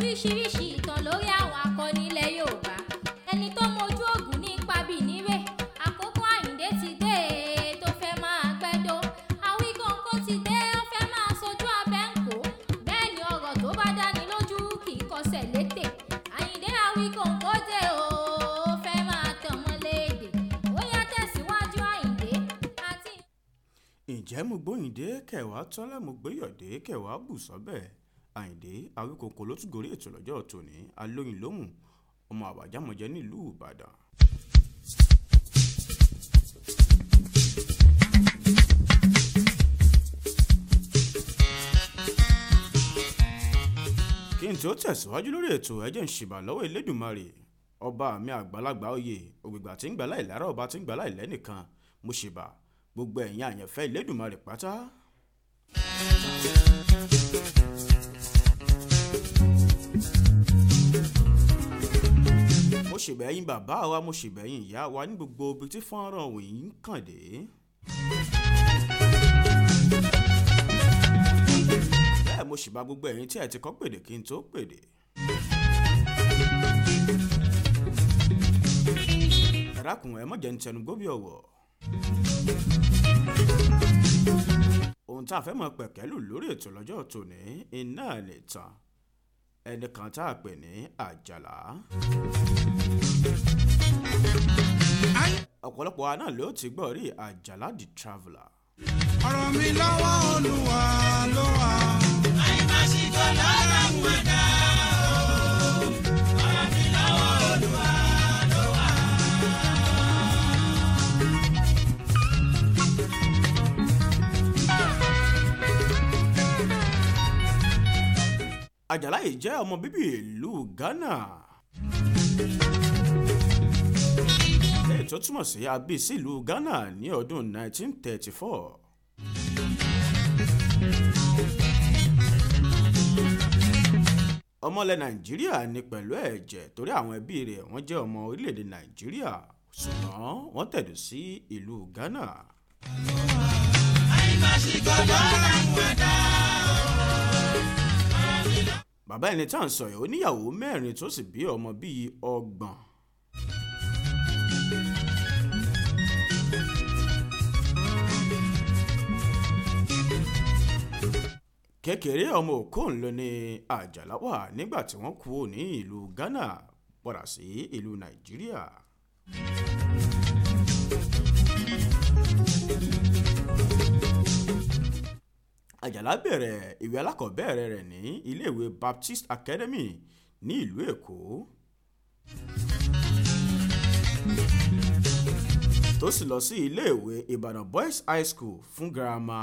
oríṣiríṣi ìtàn lórí àwọn akọni ilẹ̀ Yorùbá ẹni tó mojú ògùn ní ipa bì níwè àkókò Àyìndé ti dé tó fẹ́ máa gbẹ́dọ́ Awíkọ́nkọ́ ti dé ó fẹ́ máa sojú abẹ́ ń kó bẹ́ẹ̀ ni ọ̀rọ̀ tó bá dáni lójú kì í kọsẹ̀ létè Àyìndé Awíkọ́nkọ́ dé o fẹ́ máa tàn mọ́ léèdè ó yá tẹ̀síwájú Àyìndé àti. ǹjẹ́ mo gbóyìndé kẹwàá tọ́lá mo gbéyọ̀dé kẹwàá bù sọ́bẹ̀ Àyìndé Àwíkòkò ló tún gorí ètò lọ́jọ́ tòní alóyin lóhùn ọmọ àwàjámọ̀jẹ nílùú Ìbàdàn. kí n tí ó tẹ̀síwájú lórí ètò ẹ̀jẹ̀ ń ṣìbà lọ́wọ́ Elédùmarè ọba mi àgbàlagbà oyè ògbìgbà tí ń gbà láì lára ọba tí ń gbà láì lẹ́nìkan mo ṣìbà gbogbo ẹ̀yin àyànfẹ́ Elédùmarè pátá mo ṣèbẹ̀yìn bàbá wa mo ṣèbẹ̀yìn ìyá wa ní gbogbo ibi tí fọ́nrán òyìn ń kàn dé. bẹ́ẹ̀ mo ṣì bá gbogbo ẹ̀yin tí ẹ̀ ti kọ́ pèdè kí n tó pèdè. ẹ̀rákùn ẹ̀ mọ̀jẹ̀ ń tẹnu gómìn ọ̀wọ̀. ohun tá a fẹ́ mọ̀ pẹ̀kẹ́lù lórí ètò lọ́jọ́ tòní iná ẹ̀ lè ẹnì kan tá a pè ní àjàlá. ọ̀pọ̀lọpọ̀ wa náà ló ti gbọ́ rí àjàlá the traveller. ọ̀rọ̀ mi lọ́wọ́ olúwa ló wà. àyìnbá sì jọ lára wọn. àjàlá yìí jẹ́ ọmọ bíbí ìlú ghana lẹ́yìn tó túmọ̀ sí abí sí ìlú ghana ní ọdún 1934. ọmọlẹ̀ nàìjíríà ni pẹ̀lú ẹ̀jẹ̀ torí àwọn ẹbí rẹ̀ wọ́n jẹ́ ọmọ orílẹ̀-èdè nàìjíríà ṣùgbọ́n wọ́n tẹ̀dó sí ìlú ghana. àìmọ̀ sí gbọ́dọ̀ ọ̀rọ̀ àwọn bàbá ẹni tá à ń sọ̀rọ̀ ó níyàwó mẹ́rin tó sì bí ọmọ bíi ọgbọ̀n. kékeré ọmọ òkóòn ló ní àjàlá wà nígbà tí wọ́n kú ní ìlú Ghana padà sí ìlú Nàìjíríà. thank you àjàlá bẹ̀rẹ̀ ìwé alákọ̀ọ́bẹ̀rẹ̀ rẹ̀ ní iléèwé baptist academy ní ìlú èkó tó sì lọ sí iléèwé ìbàdàn boys high school fún girama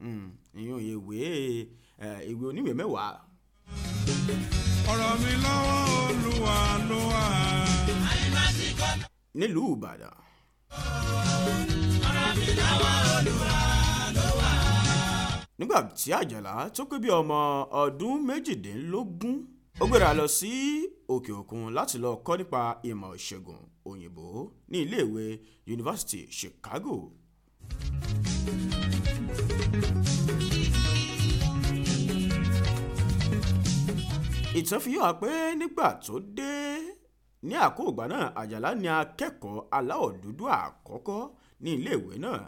hmm, ìyún ìwé ìwé oníwèé mẹ́wàá. ọ̀rọ̀ mi lọ́wọ́ olúwa ló wà. nílùú ìbàdàn. ọ̀rọ̀ mi lọ́wọ́ olúwa nígbà tí àjàlá tó pé bí ọmọ ọdún méjìdínlógún ó gbéra lọ sí òkè òkun láti lọ kọ́ nípa ìmọ̀ ìṣègùn òyìnbó ní iléèwé yunifásitì Chicago. ìtàn fi hàn pé nígbà tó dé ní àkóògbà náà àjàlá ni akẹ́kọ̀ọ́ aláwọ̀ dúdú àkọ́kọ́ ní iléèwé náà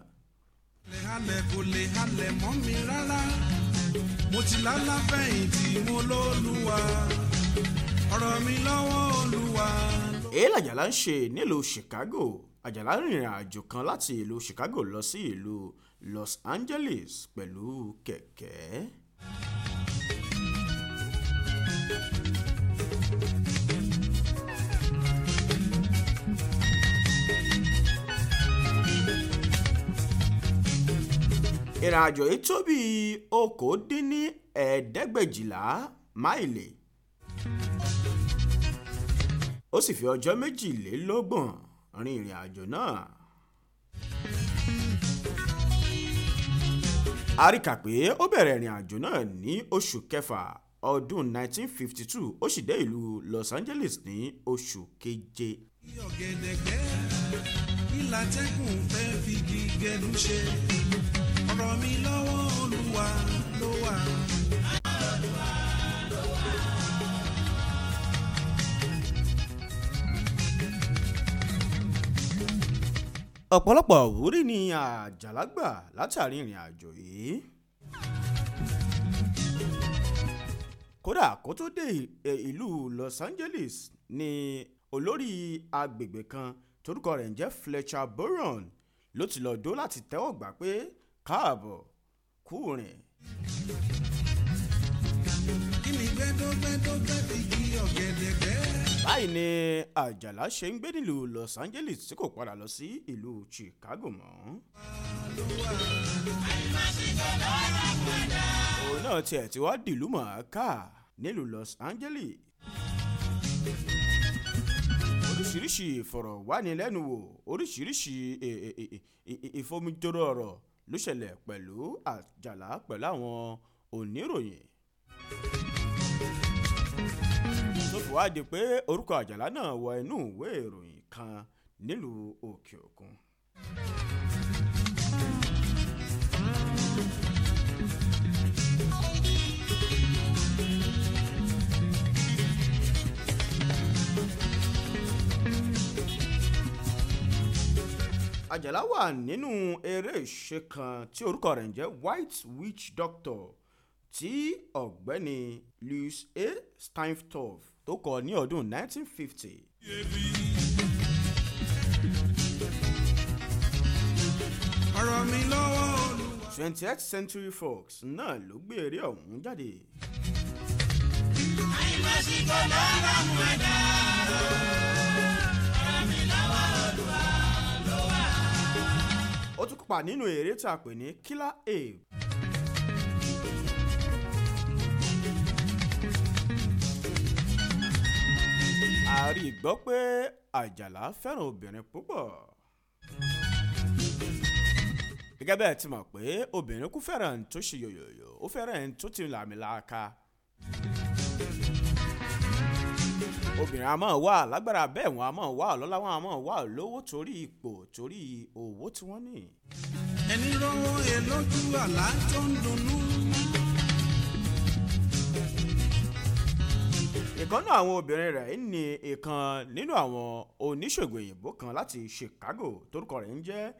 lè halẹ̀ kò lè halẹ̀ ń ṣe nílùú Chicago Àjàlá rìnrìn àjò kan láti ìlú Chicago lọ sí ìlú Los Angeles pẹ̀lú kẹ̀kẹ́. ìrìnàjò yìí tó bí okòó-dín-ní ẹ̀ẹ́dẹ́gbẹ̀jìlá máìlì ó sì fi ọjọ́ méjìlélọ́gbọ̀n rin ìrìn àjò náà. a rí kà pé ó bẹ̀rẹ̀ ìrìn náà ní oṣù kẹfà ọdún 1952 ó sì dé ìlú Los Angeles ní oṣù keje. ọ̀gẹ̀dẹ̀gbẹ́ ìlàtẹ́kùn fẹ́ fi gígẹ́nu ṣe ọ̀rọ̀ mi lọ́wọ́ olúwa ló wà. ọ̀pọ̀lọpọ̀ òwúrí ni Àjàlá gbà látàrí ìrìn àjò yìí. kódà kó tó dé ìlú Los Angeles ni olórí agbègbè kan torúkọ rẹ̀ ń jẹ́ Fletcher Boron ló ti lọ́ọ́ dó láti tẹ́wọ́ gbà pé káàbọ̀ kúrin. kí ni gbẹ́dọ́gbẹ́dọ́gbẹ́ ti yí ọ̀gẹ̀dẹ̀gbẹ́. báyìí ni àjàlá ṣe ń gbé nílùú los angeles tí kò padà lọ sí ìlú chicago mọ́. òun náà tiẹ̀ ti wá dìlú mọ̀ọ́ká nílùú los angeles oríṣiríṣi ìfọ̀rọ̀wánilẹ́nuwò oríṣiríṣi ìfomitoro ọ̀rọ̀ ló ṣẹlẹ̀ pẹ̀lú àjàlá pẹ̀lú àwọn oníròyìn tó fi wáá di pé orúkọ àjàlá náà wọ inú ìwé ìròyìn kan nílùú òkè òkun. àjàlá wà nínú eré ìṣe kan tí orúkọ rẹ̀ ń jẹ́ white witch doctor tí ọ̀gbẹ́ni louis a steinfeld tó kọ ní ọdún 1950. ọ̀rọ̀ mi twentieth century fox náà ló gbé eré ọ̀hún jáde. àyìnbó sì kọ́ lọ́ọ́ bá mú ẹ̀dá. ó tún kópa nínú eré tá a pè ní killer ape. àárí gbọ́ pé àjàlá fẹ́ràn obìnrin púpọ̀ gẹ́gẹ́ bẹ́ẹ̀ ti mọ̀ pé obìnrin kú fẹ́ràn tó ṣe yòyòyò ó fẹ́ràn tó ti làmìlàaka obìnrin a máa wà lágbára bẹ́ẹ̀ wọ́n a máa wà ọlọ́lá wọn a wà lówó torí ipò torí owó tí wọ́n ní. ẹni rọwọ́ ẹ àlá tó ń dunnú. ìkànnà àwọn obìnrin rẹ̀ ní ìkan nínú àwọn oníṣègùn òyìnbó kan láti Chicago torúkọ rẹ̀ ń jẹ́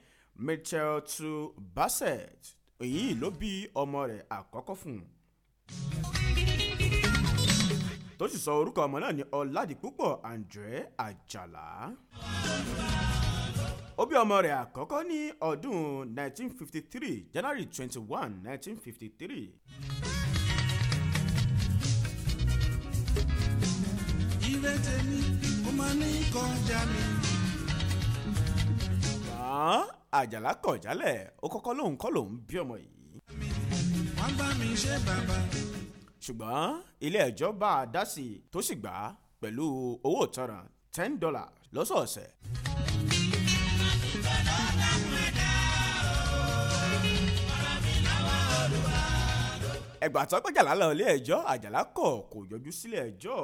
Mitchell to Bassett èyí ló bí ọmọ rẹ̀ àkọ́kọ́ fún un tó sì sọ orúkọ ọmọ náà ní ọládìpúpọ̀ andre Ajala. ó bí ọmọ rẹ̀ àkọ́kọ́ ní ọdún 1953 january 21 1953. ìrètè mi ó máa ní kọjá mi. ṣùgbọ́n àjàlá kọ̀ ó kọ́kọ́ lóun kọ́ lòun bí ọmọ yìí. wọ́n bá mi ṣe bàbá ṣùgbọ́n ilé ẹjọ́ bá a dá sí i tó sì gbà á pẹ̀lú owó ìtanràn ten dollars lọ́sọ̀ọ̀sẹ̀. ẹgbà tó gbàjàlá lọ ilé ẹjọ́ àjàlá kọ̀ kò yọjú sílé ẹjọ́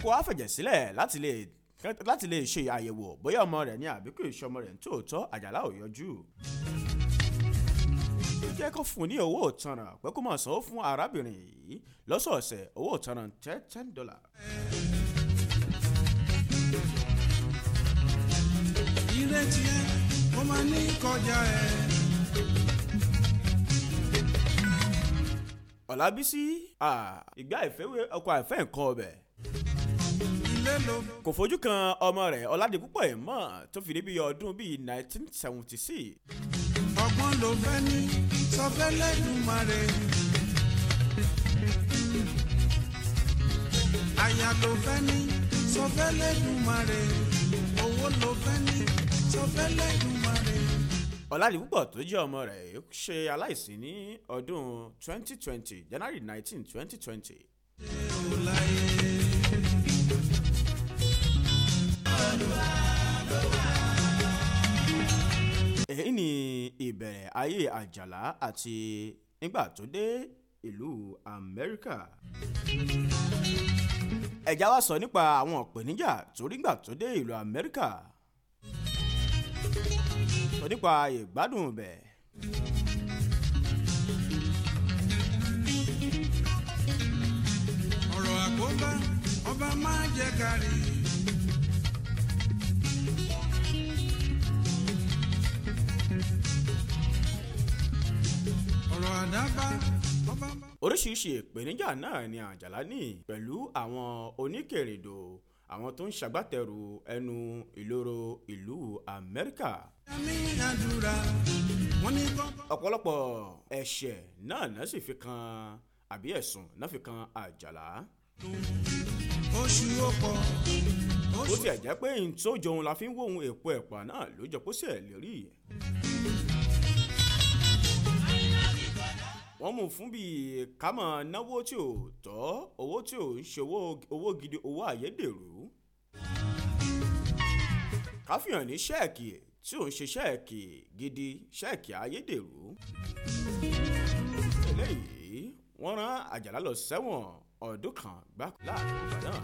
kó a fẹ̀jẹ̀ sílẹ̀ láti lè láti lè ṣe àyẹ̀wò bóyá ọmọ rẹ̀ ni àbí kò rẹ̀ ní tòótọ́ àjàlá ò yọjú jẹ́ kó fún ní owó ìtanràn pé kó máa sanwó fún arábìnrin yìí lọ́sọ̀ọ̀sẹ̀ owó ìtanràn jẹ́ ten dollar. ìrètí ẹ ó máa ní kọjá ẹ. ọ̀làbísí ìgbà ìfẹ́wé ọkọ̀ àìfẹ́ nǹkan ọbẹ̀ kò fojú kan ọmọ rẹ̀ ọ̀làdìpúpọ̀ ẹ̀ mọ́ tó fi débi ọdún bíi nineteen seventy six ọgbọ́n ló fẹ́ ní sọfẹ́lẹ́ ìdúmarè. àyà ló fẹ́ ní sọfẹ́lẹ́ ìdúmarè. owó ló fẹ́ ní sọfẹ́lẹ́ ìdúmarè. Ọládìpúpọ̀ tó jẹ́ ọmọ rẹ̀ ṣe aláìsí ní ọdún 2020 January 19 2020. ṣé èyí ni ìbẹ̀rẹ̀ ayé àjàlá àti nígbà tó dé ìlú amẹ́ríkà. ẹ̀já wa sọ nípa àwọn ìpèníjà tó rí gbà tó dé ìlú amẹ́ríkà. sọ nípa ìgbádùn ibẹ̀. ọ̀rọ̀ àkóbá ọba máa jẹ́ kárí. ọ̀rọ̀ àdábá oríṣiríṣi ìpèníjà náà ni àjàlá ní pẹ̀lú àwọn oníkèrèdò àwọn tó ń ṣàgbátẹrù ẹnu ìloro ìlú amẹ́ríkà. ọ̀pọ̀lọpọ̀ ẹ̀ṣẹ̀ náà náà sì fi kan àbí ẹ̀sùn náà fi kan àjàlá. oṣù ọkọ̀ ó tiẹ̀ jẹ́ pé ntòjòun la fi ń wóhun èpo ẹ̀pà náà ló jọ kó lérí. wọ́n mú fún bíi kámọ̀ náwó tí ò tọ́ owó tí ò ń ṣe owó gidi owó àyédèrú káfíhàn ní ṣẹ́ẹ̀kì tí ò ń ṣe ṣẹ́ẹ̀kì gidi ṣẹ́ẹ̀kì ayédèrú eléyìí wọ́n rán àjàlá lọ sẹ́wọ̀n ọdún kan gbáko láàrin ìgbà náà.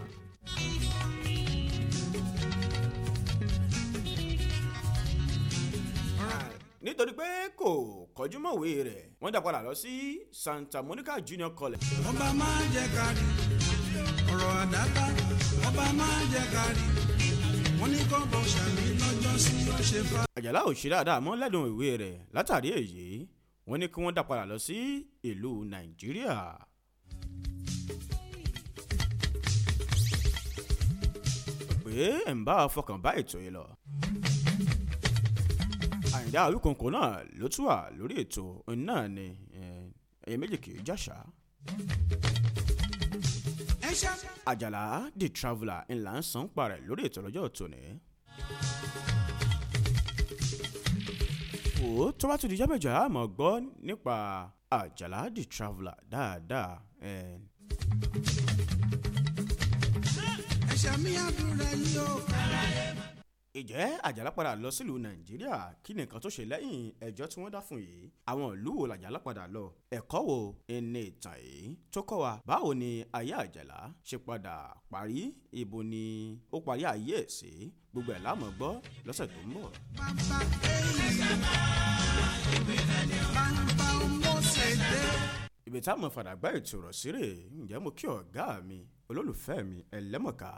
nítorí pé kò kọjú mọ̀wé rẹ̀ wọ́n dá padà lọ sí Santa Monica Junior College. ọba máa jẹ kárí ọ̀rọ̀ àdábá ọba máa jẹ kárí wọ́n ní kọ́ bọ̀ ṣàmì lọ́jọ́ sí ọ̀ṣẹ́ fà. àjàlá ò ṣe dáadáa mọ́ lẹ́dùn ìwé rẹ̀ látàrí èyí wọ́n ní kí wọ́n dá padà lọ sí ìlú Nàìjíríà. pé ẹ̀ ń bá a fọkàn bá ètò yìí lọ àyìndá àwíkòǹkò náà ló tún wà lórí ètò náà ni ẹyẹ méjì kì í jàṣà. àjàlá the traveller ńlá ń san parẹ̀ lórí ètò ọlọ́jọ́ tòní. wò ó tó bá tún di jámẹ́jọ á gbọ́ nípa àjàlá the traveller dáadáa. ẹ̀ṣẹ̀ mi á rẹ̀ yìí ìjẹ́ àjàlá padà lọ sílùú nàìjíríà kí nìkan tó ṣe lẹ́yìn ẹjọ́ tí wọ́n dá fún yìí àwọn ìlú wo làjàlá padà lọ ẹ̀kọ́ wo ẹni ìtàn yìí tó kọ́ wa báwo ni ayé àjàlá ṣe padà parí ibo ni ó parí ayé ẹ̀ sí gbogbo ẹ̀ láàmú gbọ́ lọ́sẹ̀ tó ń bọ̀. bàbá ẹ̀yìn fàdàgbà ìtura sírè ǹjẹ́ mo kí ọ̀gá mi olólùfẹ́ mi ẹlẹ́mọ̀ká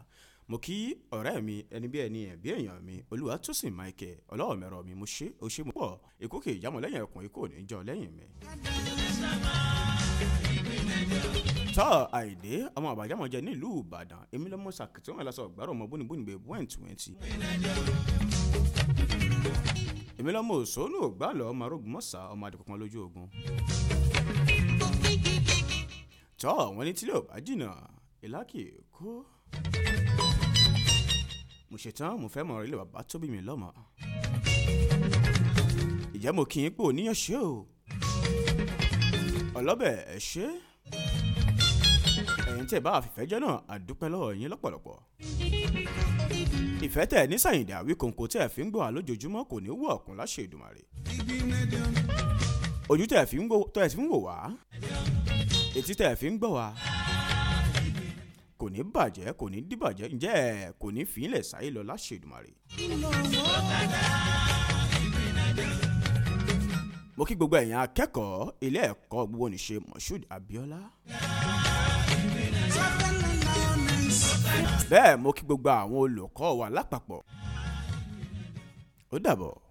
mo kí ọ̀rẹ́ mi ẹni bí ẹni ẹ̀ bí èèyàn mi Olúwatósìn Michael ọlọ́ọ̀mẹ̀rọ mi mo ṣe o ṣe mo pọ̀ ikú kì í jámọ́ lẹ́yìn ẹkùn ikú ò ní jọ lẹ́yìn mi. tọ́ àìdé ọmọ àbájámọ̀jẹ nílùú Ìbàdàn èmi lọ́mọ sàkìtì wọn lọ́sọ̀ gbàrọ̀ ọmọ bónibónibè wẹ́ǹtì wẹ́ǹtì èmi lọ́mọ òṣòlù ògbàlọ́ ọmọ arógun ọmọ adìpọ̀pọ̀ lójú ogun. tọ́ wọn ní tílé ò jìnnà ìlàkì kó mo ṣetán mo fẹ́ mọ̀ rí lè bàbá tó bí mi lọ́mọ. ìjẹ́ mo kì í pò níyàn ṣe o ọlọ́bẹ̀ ẹ ṣe ẹ̀yin tẹ̀ bá àfìfẹ́ jẹ́ náà àdúpẹ́ lọ́wọ́ yín lọ́pọ̀lọpọ̀ ìfẹ́ tẹ̀ ní Sàyìndé Àwíkòǹkò tẹ̀ fi ń gbọ́ wa lójoojúmọ́ kò ní wọ ọ̀kun láṣẹ Èdùmàrè ojú tẹ̀ fi ń wò wá etí tẹ̀ fi ń gbọ́ wa kò ní bàjẹ́ kò ní dìbàjẹ́ ǹjẹ́ ẹ̀ kò ní fìlẹ̀ sáyé lọ láṣẹ mo kí gbogbo ẹ̀yin akẹ́kọ̀ọ́ ilé ẹ̀kọ́ gbogbo nìṣe Moshood Abiola. bẹ́ẹ̀ mo kí gbogbo àwọn olùkọ́ wa lápapọ̀ ó dàbọ̀.